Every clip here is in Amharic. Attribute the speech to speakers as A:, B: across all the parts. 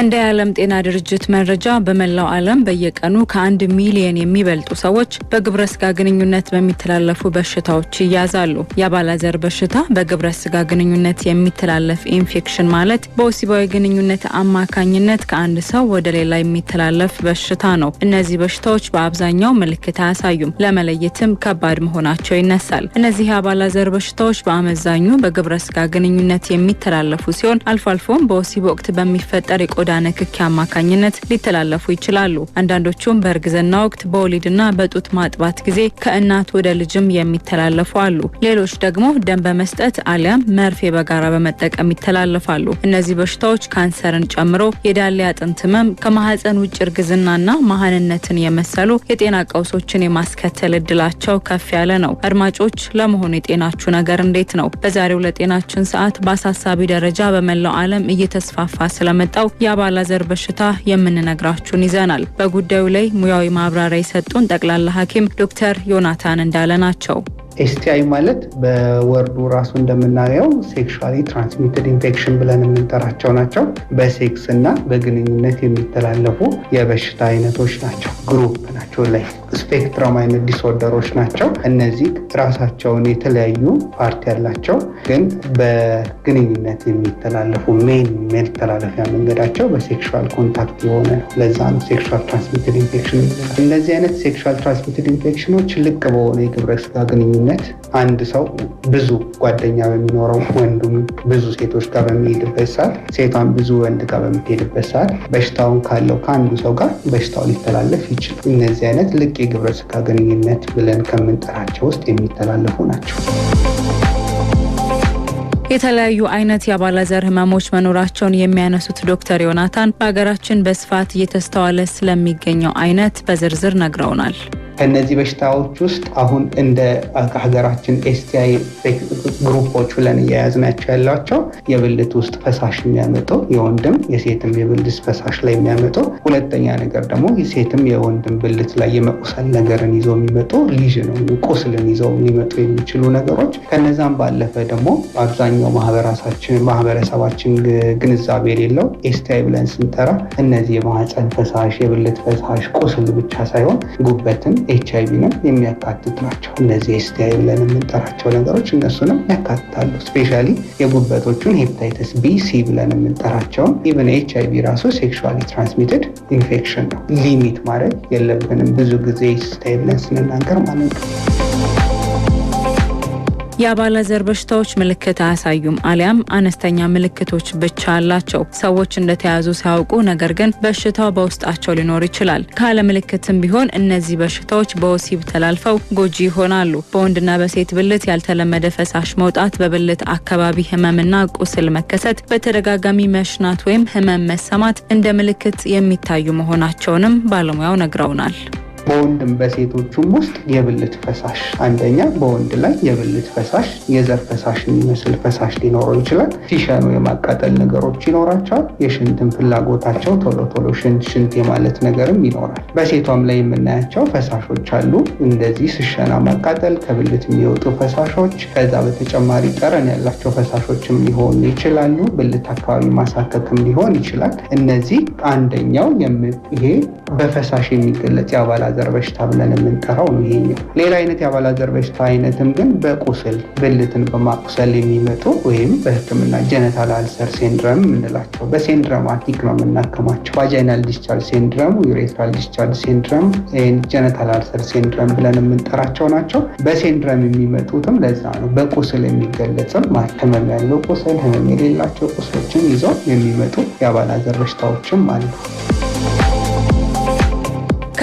A: እንደ የዓለም ጤና ድርጅት መረጃ በመላው ዓለም በየቀኑ ከአንድ ሚሊየን የሚበልጡ ሰዎች በግብረ ስጋ ግንኙነት በሚተላለፉ በሽታዎች ይያዛሉ። የአባላዘር በሽታ በግብረ ስጋ ግንኙነት የሚተላለፍ ኢንፌክሽን ማለት በወሲባዊ ግንኙነት አማካኝነት ከአንድ ሰው ወደ ሌላ የሚተላለፍ በሽታ ነው። እነዚህ በሽታዎች በአብዛኛው ምልክት አያሳዩም፣ ለመለየትም ከባድ መሆናቸው ይነሳል። እነዚህ የአባላዘር በሽታዎች በአመዛኙ በግብረ ስጋ ግንኙነት የሚተላለፉ ሲሆን አልፎ አልፎም በወሲብ ወቅት በሚፈጠር በቆዳ ንክኪ አማካኝነት ሊተላለፉ ይችላሉ። አንዳንዶቹም በእርግዝና ወቅት በወሊድና በጡት ማጥባት ጊዜ ከእናት ወደ ልጅም የሚተላለፉ አሉ። ሌሎች ደግሞ ደም በመስጠት አሊያም መርፌ በጋራ በመጠቀም ይተላለፋሉ። እነዚህ በሽታዎች ካንሰርን ጨምሮ የዳሌ አጥንት ህመም፣ ከማህፀን ውጭ እርግዝናና መሀንነትን የመሰሉ የጤና ቀውሶችን የማስከተል እድላቸው ከፍ ያለ ነው። አድማጮች፣ ለመሆኑ የጤናችሁ ነገር እንዴት ነው? በዛሬው ለጤናችን ሰዓት በአሳሳቢ ደረጃ በመላው ዓለም እየተስፋፋ ስለመጣው የአባላዘር በሽታ የምንነግራችሁን ይዘናል። በጉዳዩ ላይ ሙያዊ ማብራሪያ የሰጡን ጠቅላላ ሐኪም ዶክተር ዮናታን እንዳለ ናቸው።
B: ኤስቲአይ ማለት በወርዱ ራሱ እንደምናየው ሴክሹዋሊ ትራንስሚትድ ኢንፌክሽን ብለን የምንጠራቸው ናቸው። በሴክስ እና በግንኙነት የሚተላለፉ የበሽታ አይነቶች ናቸው፣ ግሩፕ ናቸው ላይ ስፔክትረም አይነት ዲስኦርደሮች ናቸው። እነዚህ ራሳቸውን የተለያዩ ፓርቲ ያላቸው ግን በግንኙነት የሚተላለፉ ሜን መተላለፊያ መንገዳቸው በሴክሹዋል ኮንታክት የሆነ ለዛ ነው ሴክሹዋል ትራንስሚትድ ኢንፌክሽን። እነዚህ አይነት ሴክሹዋል ትራንስሚትድ ኢንፌክሽኖች ልቅ በሆነ የግብረ ስጋ ግንኙነት አንድ ሰው ብዙ ጓደኛ በሚኖረው ወንዱም ብዙ ሴቶች ጋር በሚሄድበት ሰዓት ሴቷን ብዙ ወንድ ጋር በምትሄድበት ሰዓት በሽታውን ካለው ከአንዱ ሰው ጋር በሽታው ሊተላለፍ ይችላል። እነዚህ አይነት ልቅ የግብረ ስጋ ግንኙነት ብለን ከምንጠራቸው ውስጥ የሚተላለፉ ናቸው።
A: የተለያዩ አይነት የአባላዘር ህመሞች መኖራቸውን የሚያነሱት ዶክተር ዮናታን በሀገራችን በስፋት እየተስተዋለ ስለሚገኘው አይነት በዝርዝር ነግረውናል።
B: ከነዚህ በሽታዎች ውስጥ አሁን እንደ ከሀገራችን ኤስቲአይ ግሩፖች ብለን እየያዝናቸው ያላቸው የብልት ውስጥ ፈሳሽ የሚያመጠው የወንድም የሴትም የብልት ፈሳሽ ላይ የሚያመጠው፣ ሁለተኛ ነገር ደግሞ የሴትም የወንድም ብልት ላይ የመቁሰል ነገርን ይዘው የሚመጡ ነው ቁስልን ይዘው ሊመጡ የሚችሉ ነገሮች። ከነዛም ባለፈ ደግሞ አብዛኛው ማህበረሰባችን ግንዛቤ የሌለው ኤስቲአይ ብለን ስንጠራ እነዚህ የማህፀን ፈሳሽ፣ የብልት ፈሳሽ፣ ቁስል ብቻ ሳይሆን ጉበትን ኤች አይቪ ነው የሚያካትት ናቸው። እነዚህ ስቲይ ብለን የምንጠራቸው ነገሮች እነሱንም ያካትታሉ። ስፔሻሊ የጉበቶቹን ሄፕታይተስ ቢ፣ ሲ ብለን የምንጠራቸውን ኢቨን ኤች አይቪ ራሱ ሴክሹዋሊ ትራንስሚትድ ኢንፌክሽን ነው። ሊሚት ማድረግ የለብንም ብዙ ጊዜ ስቲይ ብለን ስንናገር ማለት ነው።
A: የአባላዘር በሽታዎች ምልክት አያሳዩም አሊያም አነስተኛ ምልክቶች ብቻ አላቸው። ሰዎች እንደተያዙ ሳያውቁ ነገር ግን በሽታው በውስጣቸው ሊኖር ይችላል። ካለ ምልክትም ቢሆን እነዚህ በሽታዎች በወሲብ ተላልፈው ጎጂ ይሆናሉ። በወንድና በሴት ብልት ያልተለመደ ፈሳሽ መውጣት፣ በብልት አካባቢ ህመምና ቁስል መከሰት፣ በተደጋጋሚ መሽናት ወይም ህመም መሰማት እንደ ምልክት የሚታዩ መሆናቸውንም ባለሙያው ነግረውናል።
B: በወንድም በሴቶቹም ውስጥ የብልት ፈሳሽ አንደኛ በወንድ ላይ የብልት ፈሳሽ የዘር ፈሳሽ የሚመስል ፈሳሽ ሊኖረው ይችላል። ሲሸኑ የማቃጠል ነገሮች ይኖራቸዋል። የሽንትን ፍላጎታቸው ቶሎ ቶሎ ሽንት ሽንት የማለት ነገርም ይኖራል። በሴቷም ላይ የምናያቸው ፈሳሾች አሉ። እንደዚህ ስሸና ማቃጠል፣ ከብልት የሚወጡ ፈሳሾች፣ ከዛ በተጨማሪ ጠረን ያላቸው ፈሳሾችም ሊሆኑ ይችላሉ። ብልት አካባቢ ማሳከክም ሊሆን ይችላል። እነዚህ አንደኛው ይሄ በፈሳሽ የሚገለጽ የአባላት የአባላዘር በሽታ ብለን የምንጠራው ነው ይሄኛው። ሌላ አይነት የአባላዘር በሽታ አይነትም ግን በቁስል ብልትን በማቁሰል የሚመጡ ወይም በህክምና ጀነታል አልሰር ሴንድረም የምንላቸው በሴንድረም አቲክ ነው የምናክማቸው። ቫጃይናል ዲስቻርጅ ሴንድረም፣ ዩሬትራል ዲስቻርጅ ሴንድረም፣ ጀነታል አልሰር ሴንድረም ብለን የምንጠራቸው ናቸው። በሴንድረም የሚመጡትም ለዛ ነው። በቁስል የሚገለጽም ህመም ያለው ቁስል፣ ህመም የሌላቸው ቁስሎችን ይዘው የሚመጡ የአባላዘር በሽታዎችም አሉ።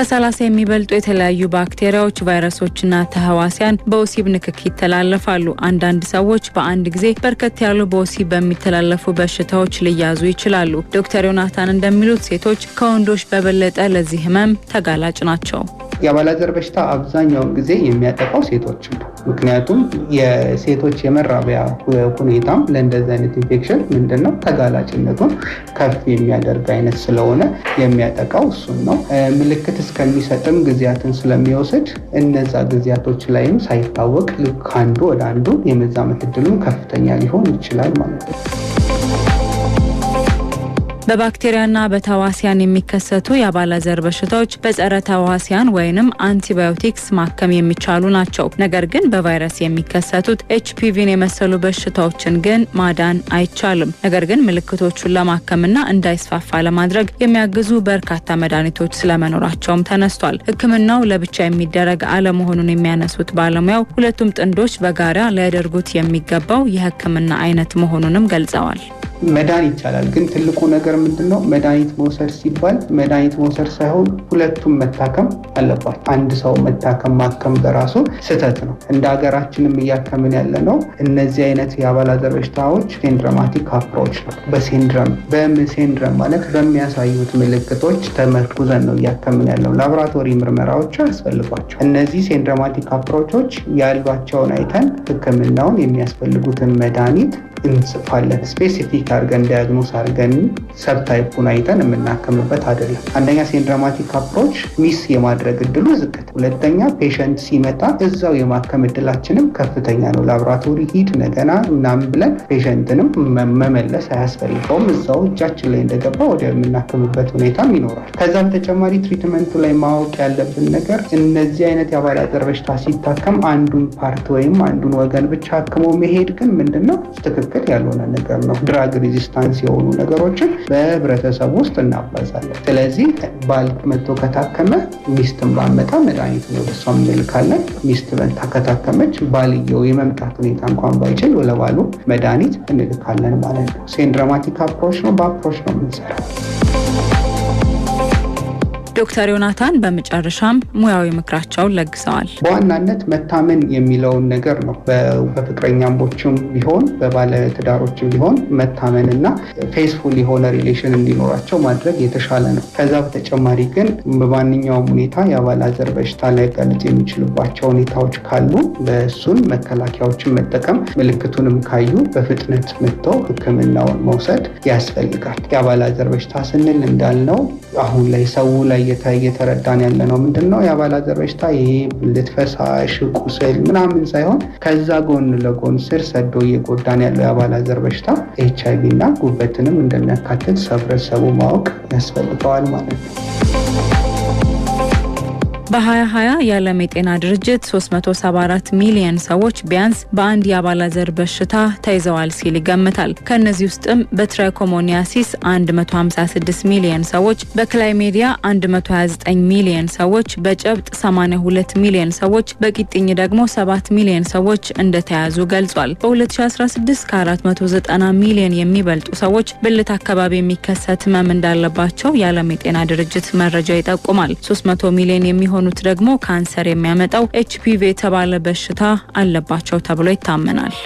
A: ከሰላሳ የሚበልጡ የተለያዩ ባክቴሪያዎች፣ ቫይረሶችና ተህዋሲያን በወሲብ ንክክ ይተላለፋሉ። አንዳንድ ሰዎች በአንድ ጊዜ በርከት ያሉ በወሲብ በሚተላለፉ በሽታዎች ሊያዙ ይችላሉ። ዶክተር ዮናታን እንደሚሉት ሴቶች ከወንዶች በበለጠ ለዚህ ህመም ተጋላጭ ናቸው።
B: የአባላዘር በሽታ አብዛኛውን ጊዜ የሚያጠቃው ሴቶችን ነው። ምክንያቱም የሴቶች የመራቢያ ሁኔታም ለእንደዚህ አይነት ኢንፌክሽን ምንድነው ተጋላጭነቱን ከፍ የሚያደርግ አይነት ስለሆነ የሚያጠቃው እሱን ነው። ምልክት እስከሚሰጥም ጊዜያትን ስለሚወስድ እነዛ ጊዜያቶች ላይም ሳይታወቅ ልክ አንዱ ወደ አንዱ የመዛመት እድሉም ከፍተኛ ሊሆን ይችላል ማለት ነው።
A: በባክቴሪያና በተዋሲያን የሚከሰቱ የአባላዘር በሽታዎች በጸረ ተዋሲያን ወይንም አንቲባዮቲክስ ማከም የሚቻሉ ናቸው። ነገር ግን በቫይረስ የሚከሰቱት ኤችፒቪን የመሰሉ በሽታዎችን ግን ማዳን አይቻልም። ነገር ግን ምልክቶቹን ለማከምና እንዳይስፋፋ ለማድረግ የሚያግዙ በርካታ መድኃኒቶች ስለመኖራቸውም ተነስቷል። ሕክምናው ለብቻ የሚደረግ አለመሆኑን የሚያነሱት ባለሙያው ሁለቱም ጥንዶች በጋራ ሊያደርጉት የሚገባው የሕክምና አይነት መሆኑንም ገልጸዋል።
B: መዳን ይቻላል። ግን ትልቁ ነገር ምንድን ነው? መድኃኒት መውሰድ ሲባል መድኃኒት መውሰድ ሳይሆን ሁለቱም መታከም አለባቸው። አንድ ሰው መታከም ማከም በራሱ ስህተት ነው። እንደ ሀገራችንም እያከምን ያለ ነው። እነዚህ አይነት የአባላዘር በሽታዎች ሴንድረማቲክ አፕሮች ነው። በሴንድረም በሴንድረም ማለት በሚያሳዩት ምልክቶች ተመርኩዘን ነው እያከምን ያለው። ላቦራቶሪ ምርመራዎች ያስፈልጓቸው። እነዚህ ሴንድረማቲክ አፕሮቾች ያሏቸውን አይተን ህክምናውን የሚያስፈልጉትን መድኃኒት እንጽፋለን ስፔሲፊክ አድርገን ዳያግኖስ አድርገን ሰብታይፑን አይተን የምናከምበት አይደለም። አንደኛ ሲንድሮማቲክ አፕሮች ሚስ የማድረግ እድሉ ዝቅ ሁለተኛ ፔሸንት ሲመጣ እዛው የማከም እድላችንም ከፍተኛ ነው። ላብራቶሪ ሂድ ነገና እናም ብለን ፔሸንትንም መመለስ አያስፈልገውም። እዛው እጃችን ላይ እንደገባ ወደ የምናክምበት ሁኔታም ይኖራል። ከዛ በተጨማሪ ትሪትመንቱ ላይ ማወቅ ያለብን ነገር እነዚህ አይነት የአባላ በሽታ ሲታከም አንዱን ፓርት ወይም አንዱን ወገን ብቻ አክሞ መሄድ ግን ምንድነው ትክክል ያልሆነ ነገር ነው። ድራግ ሬዚስታንስ የሆኑ ነገሮችን በህብረተሰቡ ውስጥ እናባዛለን። ስለዚህ ባል መጥቶ ከታከመ ሚስትን ባመጣ መድኃኒት መድኃኒት ነው በሷም እንልካለን። ሚስት በልታ ከታከመች ባልየው የመምጣት ሁኔታ እንኳን ባይችል ለባሉ መድኃኒት እንልካለን ማለት ነው። ሴንድራማቲክ አፕሮች ነው፣ በአፕሮች ነው የምንሰራው።
A: ዶክተር ዮናታን በመጨረሻም ሙያዊ ምክራቸውን ለግሰዋል።
B: በዋናነት መታመን የሚለውን ነገር ነው። በፍቅረኛሞችም ቢሆን በባለትዳሮችም ቢሆን መታመን እና ፌስፉል የሆነ ሪሌሽን እንዲኖራቸው ማድረግ የተሻለ ነው። ከዛ በተጨማሪ ግን በማንኛውም ሁኔታ የአባላዘር በሽታ ሊያጋልጥ የሚችልባቸው ሁኔታዎች ካሉ በእሱን መከላከያዎችን መጠቀም፣ ምልክቱንም ካዩ በፍጥነት መጥተው ሕክምናውን መውሰድ ያስፈልጋል። የአባላዘር በሽታ ስንል እንዳልነው አሁን ላይ ሰው ላይ እየተረዳን ያለ ነው ምንድን ነው የአባላዘር በሽታ ይሄ ብልት ፈሳሽ፣ ቁስል ምናምን ሳይሆን ከዛ ጎን ለጎን ስር ሰዶ እየጎዳን ያለው የአባላዘር በሽታ ኤች አይቪ እና ጉበትንም እንደሚያካትት ሰብረሰቡ ማወቅ ያስፈልገዋል ማለት ነው።
A: በ2020 የዓለም የጤና ድርጅት 374 ሚሊዮን ሰዎች ቢያንስ በአንድ ዘር በሽታ ተይዘዋል ሲል ይገምታል። ከእነዚህ ውስጥም በትራይኮሞኒያሲስ 156 ሚሊዮን ሰዎች፣ በክላይሜዲያ 129 ሚሊዮን ሰዎች፣ በጨብጥ 82 ሚሊዮን ሰዎች፣ በቂጥኝ ደግሞ 7 ሚሊዮን ሰዎች እንደተያዙ ገልጿል። በ2016 ከ490 ሚሊዮን የሚበልጡ ሰዎች ብልት አካባቢ የሚከሰት ህመም እንዳለባቸው የዓለም የጤና ድርጅት መረጃ ይጠቁማል። 300 ሚሊዮን የሚሆኑ የሆኑት ደግሞ ካንሰር የሚያመጣው ኤችፒቪ የተባለ በሽታ አለባቸው ተብሎ ይታመናል።